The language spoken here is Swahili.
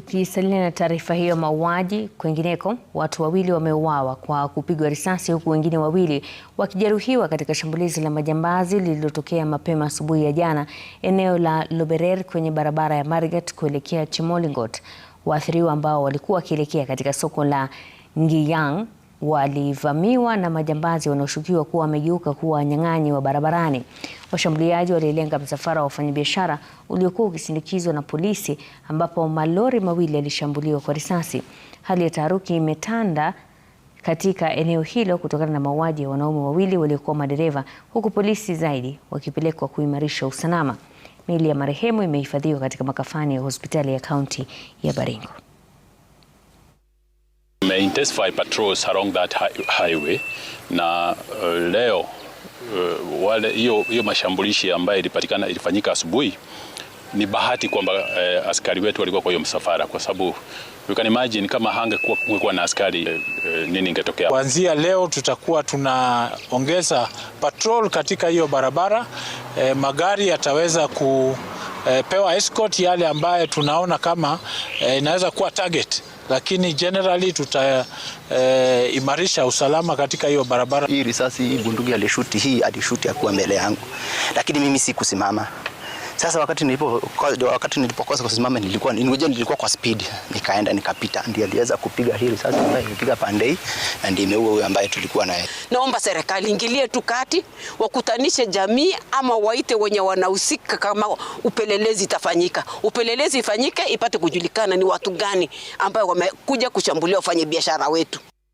Tukisalia na taarifa hiyo mauaji, kwingineko watu wawili wameuawa kwa kupigwa risasi huku wengine wawili wakijeruhiwa katika shambulizi la majambazi lililotokea mapema asubuhi ya jana eneo la Loberer kwenye barabara ya Marigat kuelekea Chemolingot. Waathiriwa ambao walikuwa wakielekea katika soko la Ngiyang walivamiwa na majambazi wanaoshukiwa kuwa wamegeuka kuwa wanyang'anyi wa barabarani. Washambuliaji walilenga msafara wa wafanyabiashara uliokuwa ukisindikizwa na polisi, ambapo malori mawili yalishambuliwa kwa risasi. Hali ya taharuki imetanda katika eneo hilo kutokana na mauaji ya wanaume wawili waliokuwa madereva, huku polisi zaidi wakipelekwa kuimarisha usalama. Miili ya marehemu imehifadhiwa katika makafani ya hospitali ya kaunti ya Baringo. Intensify patrols along that highway na uh, leo uh, wale hiyo hiyo mashambulishi ambayo ilipatikana ilifanyika asubuhi, ni bahati kwamba uh, askari wetu walikuwa kwa hiyo msafara, kwa sababu you can imagine kama hangekuwa kungekuwa na askari uh, uh, nini ingetokea. Kuanzia leo tutakuwa tunaongeza patrol katika hiyo barabara uh, magari yataweza ku pewa escort yale ambayo tunaona kama inaweza eh, kuwa target lakini generally tutaimarisha eh, e, usalama katika hiyo barabara. Hii risasi hii bunduki alishuti hii alishuti akuwa mbele yangu, lakini mimi sikusimama. Sasa wakati nilipo wakati nilipokosa kusimama nilikuwa nilikuwa nilikuwa kwa speed nikaenda nikapita, ndiye aliweza kupiga hili sasa, ambaye nilipiga pande hii na ndiye imeua huyo ambaye tulikuwa naye. Naomba serikali ingilie tu kati, wakutanishe jamii ama waite wenye wanahusika, kama upelelezi itafanyika, upelelezi ifanyike, ipate kujulikana ni watu gani ambayo wamekuja kushambulia wafanye biashara wetu.